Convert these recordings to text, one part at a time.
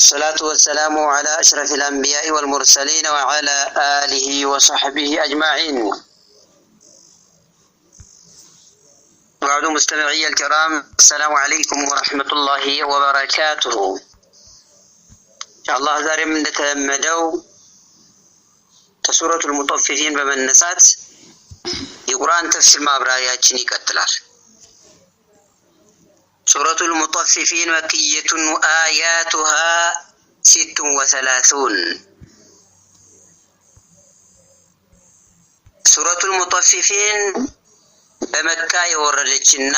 والصلاة والسلام على أشرف الأنبياء والمرسلين وعلى آله وصحبه أجمعين بعد مستمعي الكرام السلام عليكم ورحمة الله وبركاته إن شاء الله ዛሬ من እንደተለመደው ከሱረቱል ሙጠፊፊን يقران የቁርአን برايات ማብራሪያችን ይቀጥላል ሱረቱል ሙጠፊፊን መክየቱን አያቱሃ ሲቱን ወሰላቱን። ሱረቱል ሙጠፊፊን በመካ የወረደችና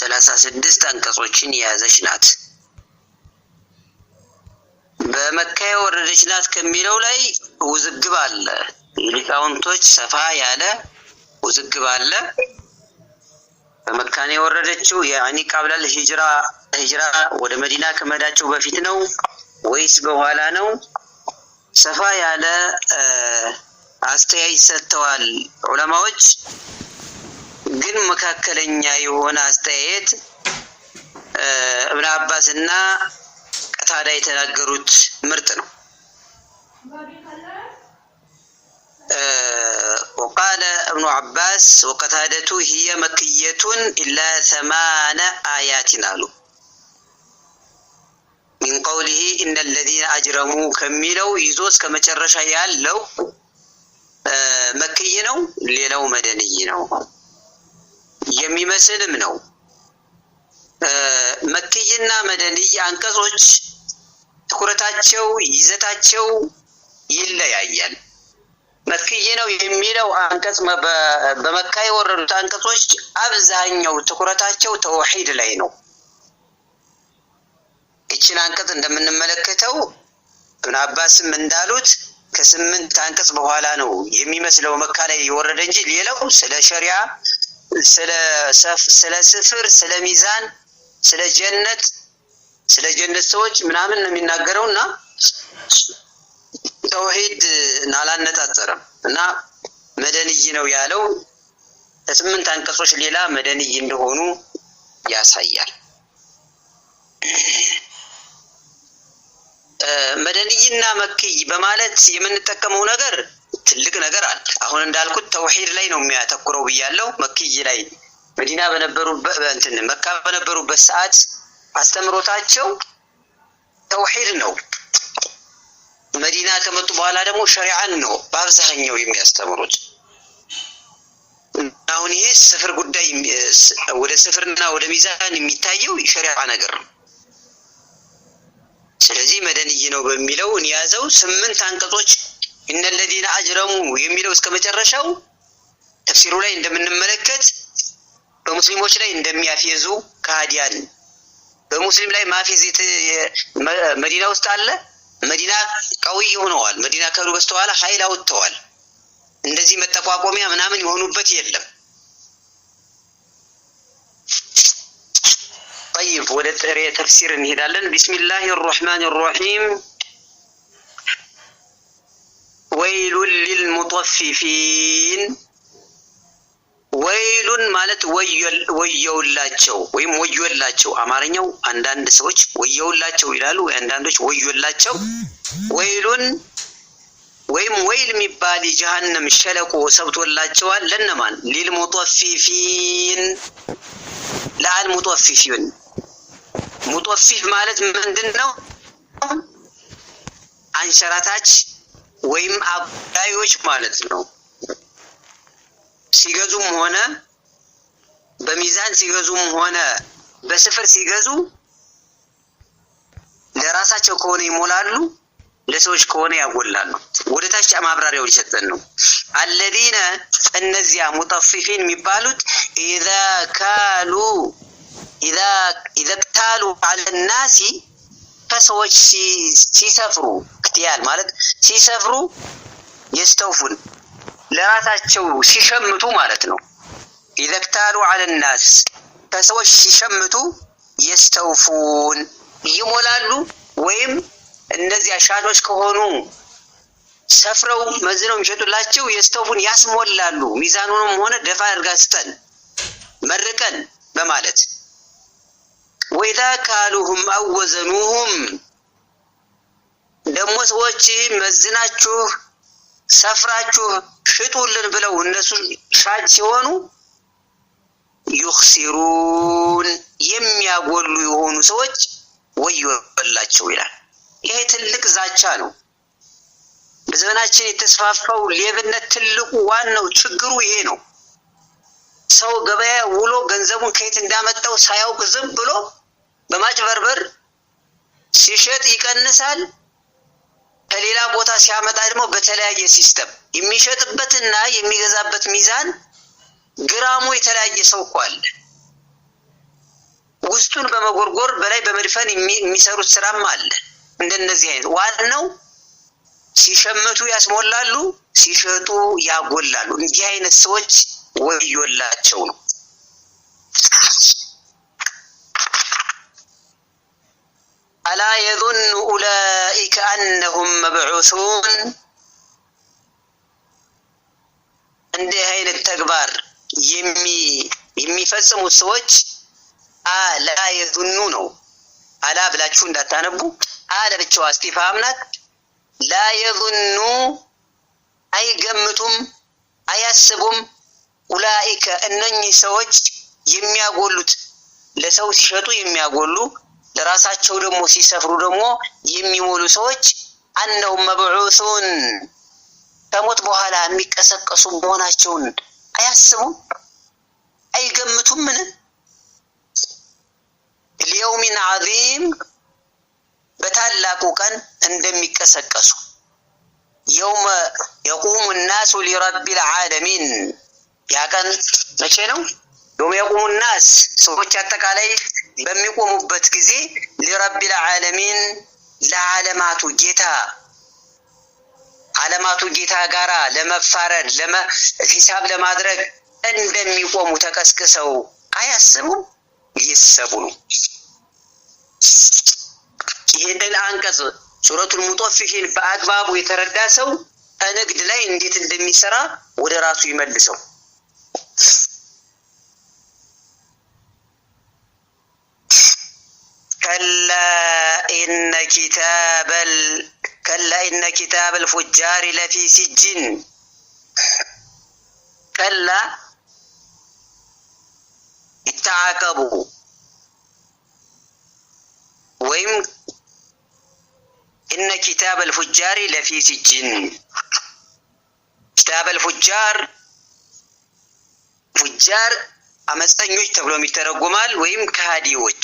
ሰላሳ ስድስት አንቀጾችን የያዘች ናት። በመካ የወረደች ናት ከሚለው ላይ ውዝግብ አለ። ሊቃውንቶች ሰፋ ያለ ውዝግብ አለ። በመካን የወረደችው የአኒቃብላል ቃብላል ሂጅራ ሂጅራ ወደ መዲና ከመሄዳቸው በፊት ነው ወይስ በኋላ ነው? ሰፋ ያለ አስተያየት ሰጥተዋል ዑለማዎች። ግን መካከለኛ የሆነ አስተያየት እብነ አባስ እና ቀታዳ የተናገሩት ምርጥ ነው። ወቃለ እብኑ አባስ ወቀታደቱ ሂየ መክየቱን ኢላ ሰማነ አያትን አሉ። ሚን ቀውሊሂ እነ ለዚነ አጅረሙ ከሚለው ይዞ እስከ መጨረሻ ያለው መክይ ነው። ሌላው መደንይ ነው የሚመስልም ነው። መክይና መደንይ አንቀጾች ትኩረታቸው፣ ይዘታቸው ይለያያል። መክይ ነው የሚለው አንቀጽ በመካ የወረዱት አንቀጾች አብዛኛው ትኩረታቸው ተውሒድ ላይ ነው። ይችን አንቀጽ እንደምንመለከተው እብን አባስም እንዳሉት ከስምንት አንቀጽ በኋላ ነው የሚመስለው መካ ላይ የወረደ እንጂ ሌላው ስለ ሸሪያ፣ ስለ ስፍር፣ ስለ ሚዛን፣ ስለ ጀነት፣ ስለ ጀነት ሰዎች ምናምን ነው የሚናገረው እና ተውሂድ አላነጣጠረም እና መደንይ ነው ያለው ከስምንት አንቀጾች ሌላ መደንይ እንደሆኑ ያሳያል። መደንይና መክይ በማለት የምንጠቀመው ነገር ትልቅ ነገር አለ። አሁን እንዳልኩት ተውሂድ ላይ ነው የሚያተኩረው ብያለው። መክይ ላይ መዲና በነበሩበት እንትን መካ በነበሩበት ሰዓት አስተምሮታቸው ተውሂድ ነው። መዲና ከመጡ በኋላ ደግሞ ሸሪዓን ነው በአብዛኛው የሚያስተምሩት። አሁን ይሄ ስፍር ጉዳይ ወደ ስፍርና ወደ ሚዛን የሚታየው ሸሪዓ ነገር ነው። ስለዚህ መደንይ ነው በሚለው እንያዘው። ስምንት አንቀጾች እነለዚነ አጅረሙ የሚለው እስከ መጨረሻው ተፍሲሩ ላይ እንደምንመለከት በሙስሊሞች ላይ እንደሚያፌዙ ከሃዲያን በሙስሊም ላይ ማፌዝ መዲና ውስጥ አለ። مدينة قوي هنوال مدينة كانوا بستوالا خيلة وتوال እንደዚህ زي متقواقومي أمنا من يهونو يلم طيب ولد أريد تفسير النهدال بسم الله الرحمن الرحيم ويل للمطففين ወይሉን ማለት ወየውላቸው ወይም ወዮላቸው። አማርኛው አንዳንድ ሰዎች ወየውላቸው ይላሉ፣ አንዳንዶች ወዮላቸው። ወይሉን ወይም ወይል የሚባል የጀሃነም ሸለቆ ሰብቶላቸዋል። ለነማን? ሊልሙጦፊፊን ለአል ሙጦፊፊን። ሙጦፊፍ ማለት ምንድን ነው? አንሸራታች ወይም አጉዳዮች ማለት ነው። ሲገዙም ሆነ በሚዛን ሲገዙም ሆነ በስፍር ሲገዙ ለራሳቸው ከሆነ ይሞላሉ፣ ለሰዎች ከሆነ ያጎላሉ። ወደ ታች ማብራሪያው ይሰጠን ነው። አለዚነ እነዚያ ሙጠፊፊን የሚባሉት ኢዛ ካሉ ኢዛ ኢዘቅታሉ አለናሲ ከሰዎች ሲሰፍሩ፣ ክትያል ማለት ሲሰፍሩ የስተውፉን ለራሳቸው ሲሸምቱ ማለት ነው። ኢዘክታሉ አለናስ ከሰዎች ሲሸምቱ የስተውፉን ይሞላሉ ወይም እነዚህ አሻጮች ከሆኑ ሰፍረው መዝነው የሚሸጡላቸው የስተውፉን ያስሞላሉ። ሚዛኑንም ሆነ ደፋ አድርጋ ስጠን መርቀን በማለት ወኢዛ ካሉሁም አወዘኑሁም ደግሞ ሰዎች መዝናችሁ ሰፍራችሁ ሽጡልን ብለው እነሱ ሻጭ ሲሆኑ ዩክሲሩን የሚያጎሉ የሆኑ ሰዎች ወዮላቸው ይላል። ይሄ ትልቅ ዛቻ ነው። በዘመናችን የተስፋፋው ሌብነት ትልቁ ዋናው ችግሩ ይሄ ነው። ሰው ገበያ ውሎ ገንዘቡን ከየት እንዳመጣው ሳያውቅ ዝም ብሎ በማጭበርበር ሲሸጥ ይቀንሳል፣ ከሌላ ቦታ ሲያመጣ ደግሞ በተለያየ ሲስተም የሚሸጥበትና የሚገዛበት ሚዛን ግራሙ የተለያየ ሰው እኮ አለ። ውስጡን በመጎርጎር በላይ በመድፈን የሚሰሩት ስራም አለ። እንደነዚህ አይነት ዋናው ሲሸምቱ ያስሞላሉ፣ ሲሸጡ ያጎላሉ። እንዲህ አይነት ሰዎች ወዮላቸው ነው። አላ የዙኑ ኡላኢከ አነሁም መብዑሱን። እንዲህ አይነት ተግባር የሚፈጽሙት ሰዎች አላ የዙኑ ነው። አላ ብላችሁ እንዳታነቡ። አለ ብቻዋ እስቲፍሃም ናት። ላ የዙኑ አይገምቱም፣ አያስቡም። ኡላኢከ እነኚህ ሰዎች የሚያጎሉት ለሰው ሲሸጡ የሚያጎሉ ለራሳቸው ደግሞ ሲሰፍሩ ደግሞ የሚሞሉ ሰዎች አነሁም መብዑሱን ከሞት በኋላ የሚቀሰቀሱ መሆናቸውን አያስቡም፣ አይገምቱም። ምን ሊየውሚን ዓዚም በታላቁ ቀን እንደሚቀሰቀሱ የውመ የቁሙ ናሱ ሊረቢል ዓለሚን። ያ ቀን መቼ ነው? የውመ የቁሙ ናስ ሰዎች አጠቃላይ በሚቆሙበት ጊዜ ሊረቢል ዓለሚን ለዓለማቱ ጌታ ዓለማቱ ጌታ ጋራ ለመፋረድ ሂሳብ ለማድረግ እንደሚቆሙ ተቀስቅሰው አያስቡም። እየሰቡ ነው። ይህንን አንቀጽ ሱረቱል ሙጦፊፊን በአግባቡ የተረዳ ሰው ከንግድ ላይ እንዴት እንደሚሰራ ወደ ራሱ ይመልሰው። كلا إن كتاب ال... كلا إن كتاب الفجار لفي سجن كلا اتعاقبوا وإن إن كتاب الفجار لفي سجن كتاب الفجار فجار أمسأኞች ተብሎ ይተረጎማል ወይም ከሃዲዎች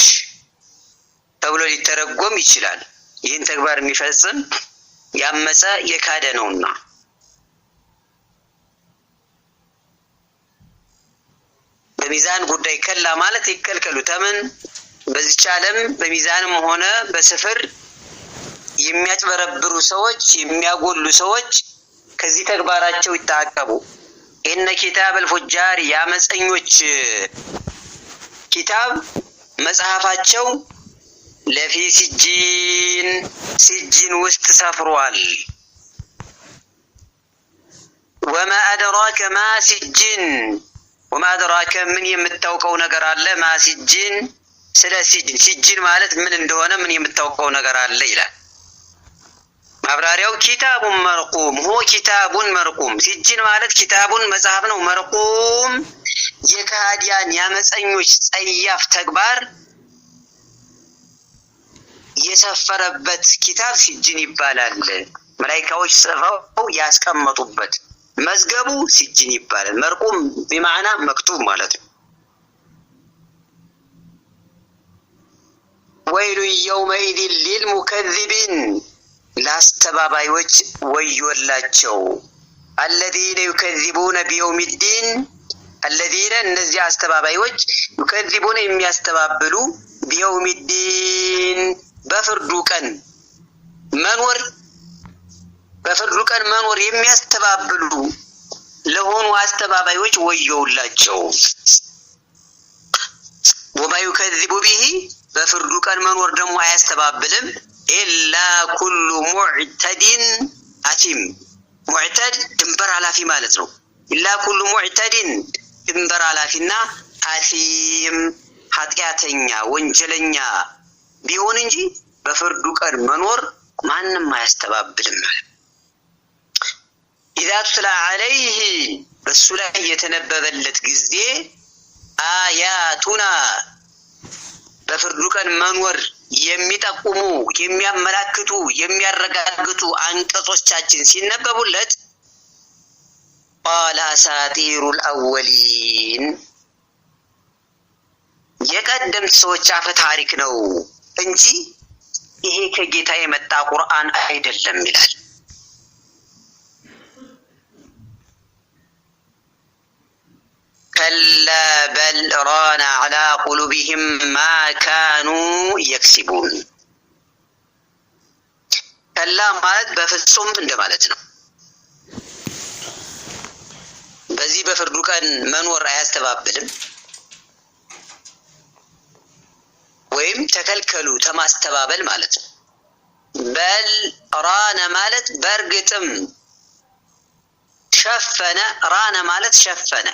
ተብሎ ሊተረጎም ይችላል። ይህን ተግባር የሚፈጽም ያመፀ የካደ ነውና በሚዛን ጉዳይ ከላ ማለት ይከልከሉ ተምን በዚች ዓለም በሚዛንም ሆነ በስፍር የሚያጭበረብሩ ሰዎች፣ የሚያጎሉ ሰዎች ከዚህ ተግባራቸው ይታቀቡ። ኢነ ኪታብ አልፉጃር የአመፀኞች ኪታብ መጽሐፋቸው ለፊ ሲጂን ሲጂን ውስጥ ሰፍሯል። ወማ አደራከ ማ ሲጂን ወማ አደራከ ምን የምታውቀው ነገር አለ? ማ ሲጂን ስለ ሲጂን ሲጂን ማለት ምን እንደሆነ ምን የምታውቀው ነገር አለ ይላል። ማብራሪያው ኪታቡን መርቁም ሆ ኪታቡን መርቁም ሲጂን ማለት ኪታቡን መጽሐፍ ነው። መርቁም የካህዲያን የአመፀኞች ጸያፍ ተግባር የሰፈረበት ኪታብ ሲጅን ይባላል። መላይካዎች ጽፈው ያስቀመጡበት መዝገቡ ሲጅን ይባላል። መርቁም ቢማዕና መክቱብ ማለት ነው። ወይሉ የውመኢድን ሊልሙከዚቢን ለአስተባባዮች ወዮላቸው። አለዚነ ዩከዚቡነ ዲን አለዚነ እነዚህ አስተባባዮች ዩከዚቡነ የሚያስተባብሉ ቢየውሚዲን በፍርዱ ቀን መኖር በፍርዱ ቀን መኖር የሚያስተባብሉ ለሆኑ አስተባባዮች ወየውላቸው። ወማዩ ከዚቡ ቢሂ በፍርዱ ቀን መኖር ደግሞ አያስተባብልም። ኢላ ኩሉ ሙዕተዲን አቲም ሙዕተድ ድንበር ኃላፊ ማለት ነው። ኢላ ኩሉ ሙዕተዲን ድንበር ኃላፊና አቲም ኃጢአተኛ ወንጀለኛ ቢሆን እንጂ በፍርዱ ቀን መኖር ማንም አያስተባብልም አለ። ኢዛ ቱትላ አለይህ በሱ ላይ የተነበበለት ጊዜ አያቱና በፍርዱ ቀን መኖር የሚጠቁሙ የሚያመላክቱ የሚያረጋግጡ አንቀጾቻችን ሲነበቡለት ቃለ አሳጢሩል አወሊን የቀደምት ሰዎች አፈ ታሪክ ነው እንጂ ይሄ ከጌታ የመጣ ቁርአን አይደለም ይላል። ከላ በል ራነ አላ ቁሉቢህም ማ ካኑ የክሲቡን። ከላ ማለት በፍጹም እንደማለት ነው። በዚህ በፍርዱ ቀን መኖር አያስተባብልም። ወይም ተከልከሉ ተማስተባበል ማለት ነው። በል ራነ ማለት በእርግጥም ሸፈነ፣ ራነ ማለት ሸፈነ።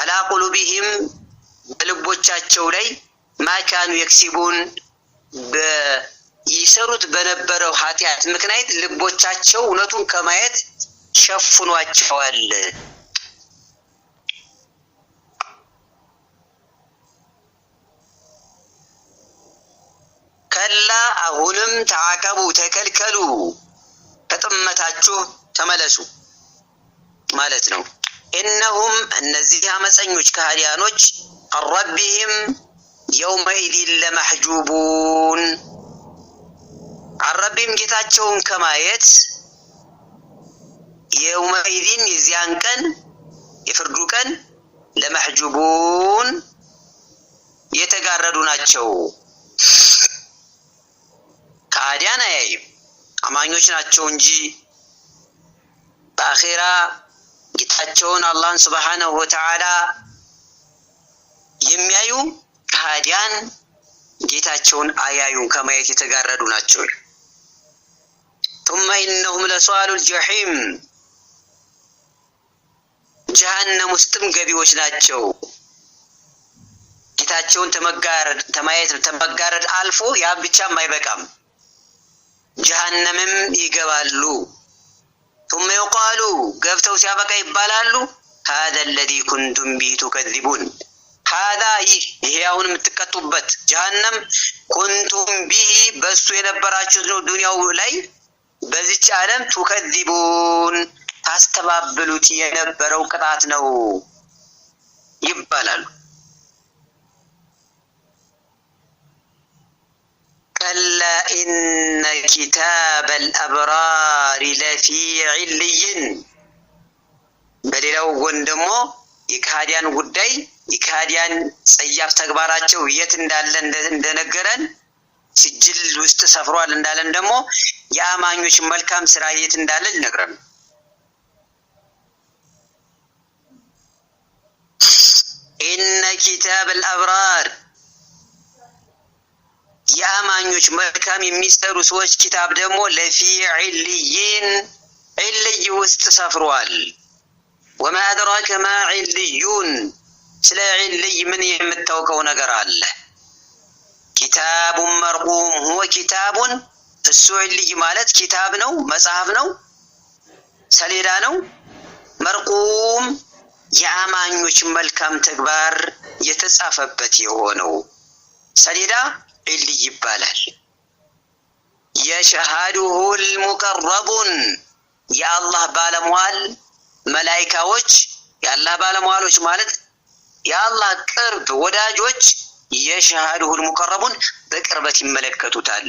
አላ ቁሉቢሂም በልቦቻቸው ላይ ማካኑ የክሲቡን ይሰሩት በነበረው ኃጢአት ምክንያት ልቦቻቸው እውነቱን ከማየት ሸፍኗቸዋል። ከላ አሁንም ተዓቀቡ ተከልከሉ፣ ከጥመታችሁ ተመለሱ ማለት ነው። እነሁም እነዚህ አመፀኞች ከሃዲያኖች አረቢህም የውመኢዲን ለመሕጁቡን አረቢም ጌታቸውን ከማየት የውመኢዲን የዚያን ቀን የፍርዱ ቀን ለመሕጁቡን የተጋረዱ ናቸው። ከሃዲያን አያይም። አማኞች ናቸው እንጂ በአኼራ ጌታቸውን አላህን ሱብሓነሁ ወተዓላ የሚያዩ ከሃዲያን ጌታቸውን አያዩ ከማየት የተጋረዱ ናቸው። ቱመ ኢነሁም ለሷሉል ጀሒም ጀሃነም ውስጥም ገቢዎች ናቸው። ጌታቸውን ተመጋረድ ተማየት ተመጋረድ አልፎ ያ ብቻም አይበቃም። ጀሃነምም ይገባሉ። ቱመ ዩቃሉ ገብተው ሲያበቃ ይባላሉ ሀዛ አለዚ ኩንቱም ቢሂ ቱከዚቡን ሀዛ ይህ ይሄ አሁን የምትቀጡበት ጀሃነም ኩንቱም ቢሂ በእሱ የነበራችሁት ነው። ዱንያው ላይ በዚች ዓለም ቱከዚቡን ታስተባብሉት የነበረው ቅጣት ነው ይባላሉ። ኢነ ኪታበል አብራሪ ለፊ ዒልይን። በሌላው ጎን ደግሞ የካዲያን ጉዳይ የካዲያን ጸያፍ ተግባራቸው የት እንዳለ እንደነገረን ስጅል ውስጥ ሰፍሯል እንዳለን ደግሞ የአማኞች መልካም ስራ የት እንዳለ ሊነግረን ኢነ ኪታበል አብራር የአማኞች መልካም የሚሰሩ ሰዎች ኪታብ ደግሞ ለፊ ዕልይን ዕልይ ውስጥ ሰፍሯል። ወማ አድራከ ማ ዕልዩን፣ ስለ ዕልይ ምን የምታውቀው ነገር አለ? ኪታቡን መርቁም ሁወ ኪታቡን፣ እሱ ዕልይ ማለት ኪታብ ነው፣ መጽሐፍ ነው፣ ሰሌዳ ነው። መርቁም የአማኞች መልካም ተግባር የተጻፈበት የሆነው ሰሌዳ ዕልይ ይባላል። የሸሃዱሁል ሙቀረቡን የአላህ ባለሟል መላይካዎች የአላህ ባለሟሎች ማለት የአላህ ቅርብ ወዳጆች የሸሃዱሁል ሙቀረቡን በቅርበት ይመለከቱታል።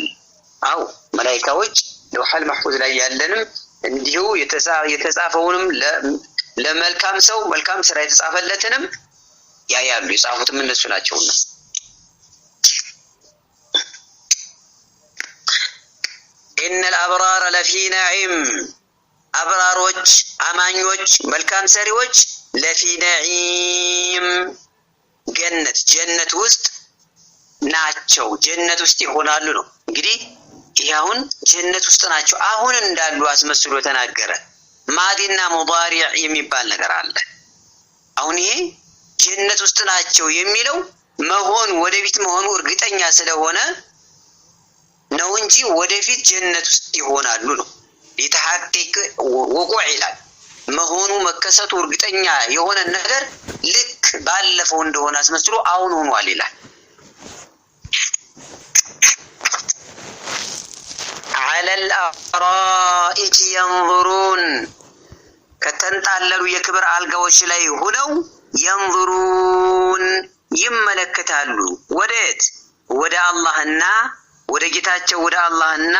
አው መላይካዎች ለውሐል ማህፉዝ ላይ ያለንም እንዲሁ የተጻፈውንም ለመልካም ሰው መልካም ስራ የተጻፈለትንም ያያሉ። የጻፉትም እነሱ ናቸውና ኢነል አብራረ ለፊ ነዒም አብራሮች፣ አማኞች፣ መልካም ሰሪዎች ለፊ ነዒም ገነት ጀነት ውስጥ ናቸው። ጀነት ውስጥ ይሆናሉ ነው እንግዲህ ይህ አሁን ጀነት ውስጥ ናቸው አሁን እንዳሉ አስመስሎ ተናገረ። ማዲና ሙዳሪዕ የሚባል ነገር አለ። አሁን ይሄ ጀነት ውስጥ ናቸው የሚለው መሆኑ ወደፊት መሆኑ እርግጠኛ ስለሆነ ነው እንጂ ወደፊት ጀነት ውስጥ ይሆናሉ ነው። የተሐቂቅ ወቁዕ ይላል መሆኑ መከሰቱ እርግጠኛ የሆነ ነገር ልክ ባለፈው እንደሆነ አስመስሎ አሁን ሆኗል ይላል። አለል አራኢክ ከተንጣለሉ የክብር አልጋዎች ላይ ሆነው የንሩን ይመለከታሉ። ወደት ወደ አላህና ወደ ጌታቸው ወደ አላህና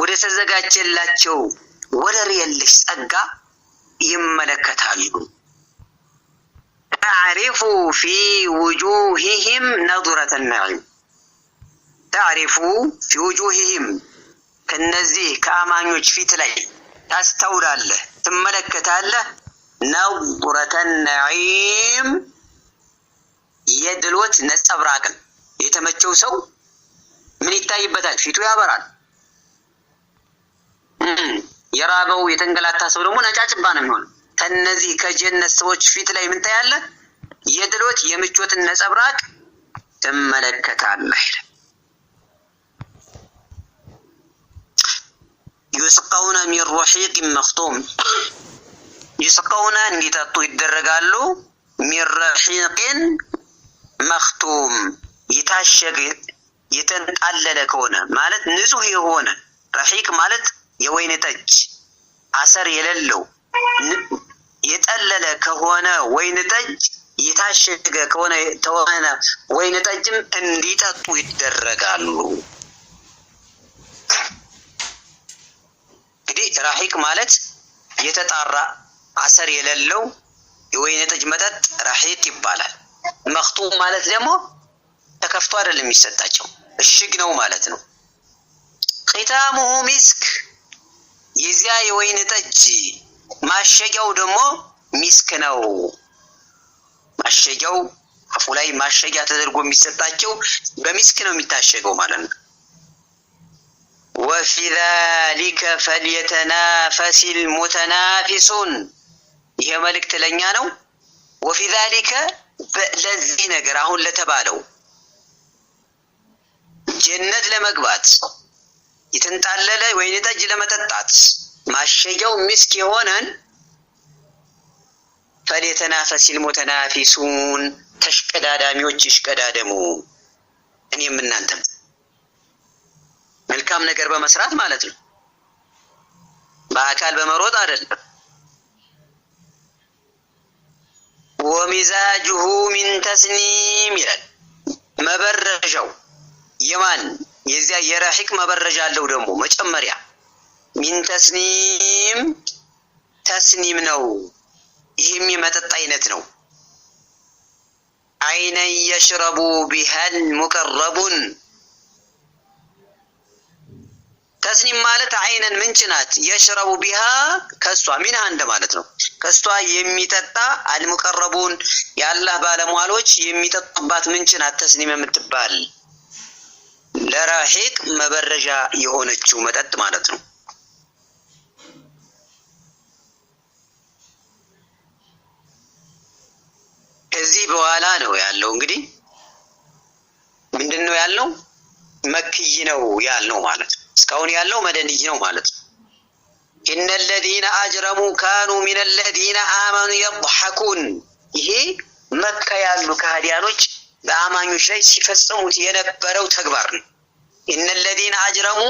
ወደ ተዘጋጀላቸው ወደር የለሽ ጸጋ ይመለከታሉ። ተዕሪፉ ፊ ውጁሂሂም ነዱረተ ነዒም ተዕሪፉ ፊ ውጁሂሂም ከነዚህ ከአማኞች ፊት ላይ ታስተውላለህ፣ ትመለከታለህ። ነዱረተ ነዒም የድሎት ነጸብራቅን የተመቸው ሰው ምን ይታይበታል? ፊቱ ያበራል። የራበው የተንገላታ ሰው ደግሞ ነጫጭባ ነው የሚሆን። ከነዚህ ከጀነት ሰዎች ፊት ላይ ምን ታያለህ? የድሎት የምቾትን ነጸብራቅ ትመለከታለህ። ዩስቀውነ ሚን ረሒቅ መክቱም ዩስቀውነ እንዲጠጡ ይደረጋሉ። ሚን ረሒቅን መክቱም የታሸገ የተንጣለለ ከሆነ ማለት ንጹህ የሆነ ረሒቅ ማለት የወይን ጠጅ አሰር የሌለው የጠለለ ከሆነ ወይን ጠጅ የታሸገ ከሆነ ተሆነ ወይን ጠጅም እንዲጠጡ ይደረጋሉ። እንግዲህ ረሒቅ ማለት የተጣራ አሰር የሌለው የወይን ጠጅ መጠጥ ረሒቅ ይባላል። መክቱ ማለት ደግሞ ተከፍቶ አይደለም የሚሰጣቸው እሽግ ነው ማለት ነው። ኺታሙሁ ሚስክ የዚያ የወይን ጠጅ ማሸጊያው ደግሞ ሚስክ ነው። ማሸጊያው አፉ ላይ ማሸጊያ ተደርጎ የሚሰጣቸው በሚስክ ነው የሚታሸገው ማለት ነው። ወፊ ዛሊከ ፈልየተናፈሲል ሙተናፊሱን ይሄ መልእክት ለእኛ ነው። ወፊ ዛሊከ ለዚህ ነገር አሁን ለተባለው ጀነት ለመግባት የተንጣለለ ወይን ጠጅ ለመጠጣት ማሸጊያው ምስክ የሆነን ፈልየተናፈሲል ሙተናፊሱን ተሽቀዳዳሚዎች ይሽቀዳደሙ። እኔም እናንተም መልካም ነገር በመስራት ማለት ነው። በአካል በመሮጥ አይደለም። ወሚዛጅሁ ሚን ተስኒም ይላል መበረዣው የማን የዚያ የረ መበረጃ አለው ደግሞ መጨመሪያ ሚን ተስኒም ተስኒም ነው። ይህም የመጠጥ አይነት ነው። አይነን የሽረቡ ቢሃል ሙቀረቡን ተስኒም ማለት አይነን ምንጭ ናት። የሽረቡ ቢሃ ከሷ ሚና እንደ ማለት ነው። ከሷ የሚጠጣ አልሙቀረቡን የአላህ ባለሟሎች የሚጠጡባት ምንጭ ናት። ተስኒም የምትባል ለራሒቅ መበረዣ የሆነችው መጠጥ ማለት ነው። ከዚህ በኋላ ነው ያለው እንግዲህ ምንድን ነው ያለው? መክይ ነው ያልነው ማለት ነው። እስካሁን ያለው መደንይ ነው ማለት ነው። ኢነ ለዚነ አጅረሙ ካኑ ሚነ ለዚነ አመኑ የضሐኩን ይሄ መካ ያሉ ከሃዲያኖች በአማኞች ላይ ሲፈጽሙት የነበረው ተግባር ነው። እነለዚነ አጅረሙ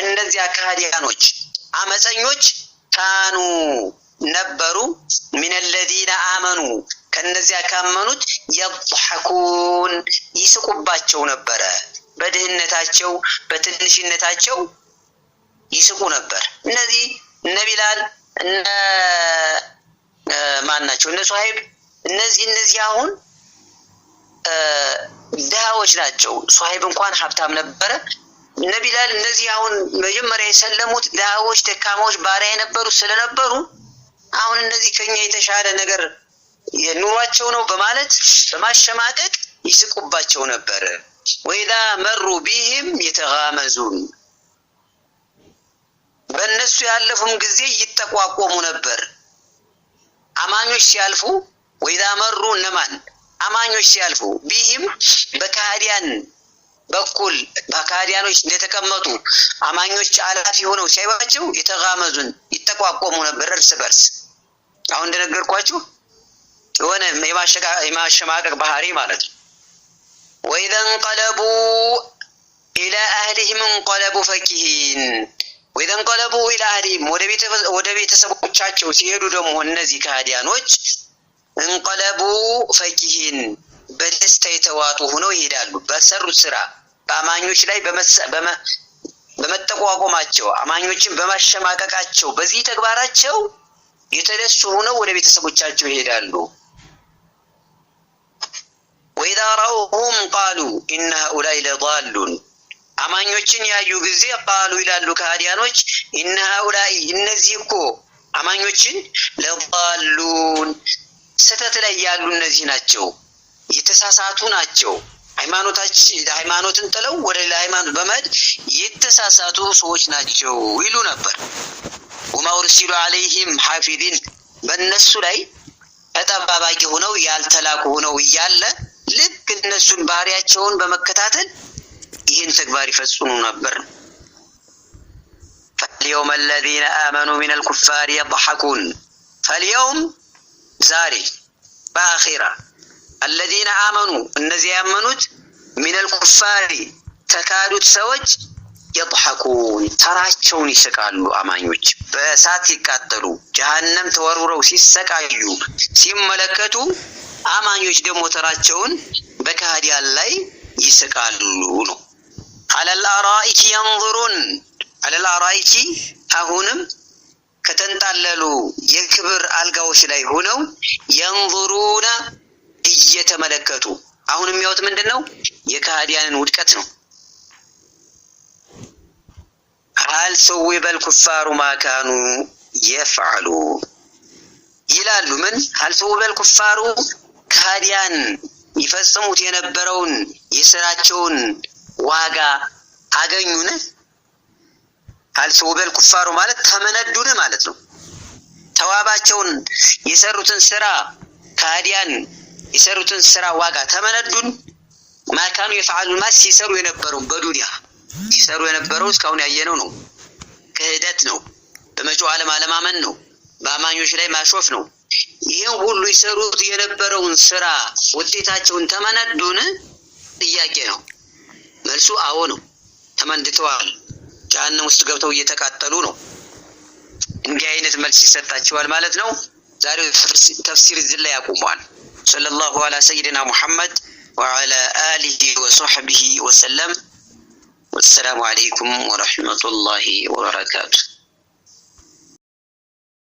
እነዚያ ከሃዲያኖች አመፀኞች ካኑ ነበሩ ሚነለዚነ አመኑ ከእነዚያ ካመኑት የضሐኩን ይስቁባቸው ነበረ። በድህነታቸው በትንሽነታቸው ይስቁ ነበር። እነዚህ እነ ቢላል እነ ማን ናቸው? እነ ሶሀይብ እነዚህ እነዚህ አሁን ድሃዎች ናቸው። ሶሀይብ እንኳን ሀብታም ነበረ። ነቢላል እነዚህ አሁን መጀመሪያ የሰለሙት ድሃዎች፣ ደካማዎች፣ ባሪያ የነበሩ ስለነበሩ አሁን እነዚህ ከኛ የተሻለ ነገር ኑሯቸው ነው በማለት በማሸማቀቅ ይስቁባቸው ነበረ። ወይዛ መሩ ቢህም የተጋመዙን በእነሱ ያለፉም ጊዜ ይጠቋቆሙ ነበር። አማኞች ሲያልፉ ወይዛ መሩ እነማን አማኞች ሲያልፉ ቢህም በካህዲያን በኩል በካህዲያኖች እንደተቀመጡ አማኞች አላፊ ሆነው ሲያይባቸው የተጋመዙን ይጠቋቆሙ ነበር እርስ በርስ። አሁን እንደነገርኳችሁ የሆነ የማሸማቀቅ ባህሪ ማለት ነው። ወኢዘ እንቀለቡ ኢላ አህሊህም እንቀለቡ ፈኪሂን። ወኢዘ እንቀለቡ ኢላ አህሊህም ወደ ቤተሰቦቻቸው ሲሄዱ ደግሞ እነዚህ ካህዲያኖች እንቀለቡ ፈኪሂን በደስታ የተዋጡ ሆነው ይሄዳሉ። በሰሩት ስራ በአማኞች ላይ በመጠቋቆማቸው አማኞችን በማሸማቀቃቸው በዚህ ተግባራቸው የተደሱ ሆነው ወደ ቤተሰቦቻቸው ይሄዳሉ። ወኢዛ ረአውሁም ቃሉ ኢነ ሃኡላይ ለዳሉን አማኞችን ያዩ ጊዜ ቃሉ ይላሉ ከሃዲያኖች ኢነ ሃኡላይ እነዚህ እኮ አማኞችን ለዳሉን ስህተት ላይ ያሉ እነዚህ ናቸው፣ የተሳሳቱ ናቸው። ሃይማኖትን ጥለው ወደ ሌላ ሃይማኖት በመሄድ የተሳሳቱ ሰዎች ናቸው ይሉ ነበር። ወማውርሲሉ አለይህም አለይሂም ሐፊዚን በእነሱ ላይ ተጠባባቂ ሆነው ያልተላኩ ሆነው እያለ ልክ እነሱን ባህሪያቸውን በመከታተል ይህን ተግባር ይፈጽሙ ነበር። ፈልየውም አለዚነ አመኑ ሚነል ኩፋር የድሐኩን ፈልየውም ዛሬ በአኼራ አለዚነ አመኑ እነዚያ ያመኑት ሚነል ኩፋሪ ተካዱት ሰዎች የضሐኩን ተራቸውን ይስቃሉ። አማኞች በእሳት ሲቃጠሉ ጀሀነም ተወርውረው ሲሰቃዩ ሲመለከቱ፣ አማኞች ደግሞ ተራቸውን በካህዲያን ላይ ይስቃሉ ነው አለል አራኢኪ የንظሩን አለል አራኢኪ አሁንም ከተንጣለሉ የክብር አልጋዎች ላይ ሆነው የንዙሩና እየተመለከቱ አሁን የሚያዩት ምንድን ነው? የካህዲያንን ውድቀት ነው። ሀል ሰዊ በል ኩፋሩ ማካኑ የፍዓሉ ይላሉ። ምን ሀል ሰዊ በል ኩፋሩ ካህዲያን ይፈጽሙት የነበረውን የስራቸውን ዋጋ አገኙን? ሀልስ ውበል ኩፋሩ ማለት ተመነዱን ማለት ነው። ተዋባቸውን የሰሩትን ስራ ከሃዲያን የሰሩትን ስራ ዋጋ ተመነዱን ማካኑ የፈዓሉ ማስ ሲሰሩ የነበረው በዱንያ ሲሰሩ የነበረው እስካሁን ያየነው ነው። ክህደት ነው። በመጪው ዓለም አለማመን ነው። በአማኞች ላይ ማሾፍ ነው። ይህን ሁሉ ይሰሩት የነበረውን ስራ ውጤታቸውን ተመነዱን ጥያቄ ነው። መልሱ አዎ ነው። ተመንድተዋል። ጀሀነም ውስጥ ገብተው እየተቃጠሉ ነው። እንዲህ አይነት መልስ ይሰጣቸዋል ማለት ነው። ዛሬው ተፍሲር እዚህ ላይ ያቁመዋል። ሰለላሁ አላ ሰይድና ሙሐመድ ወአላ አሊህ ወሶሕቢሂ ወሰለም። ወሰላሙ አለይኩም ወረሕመቱላሂ ወበረካቱ።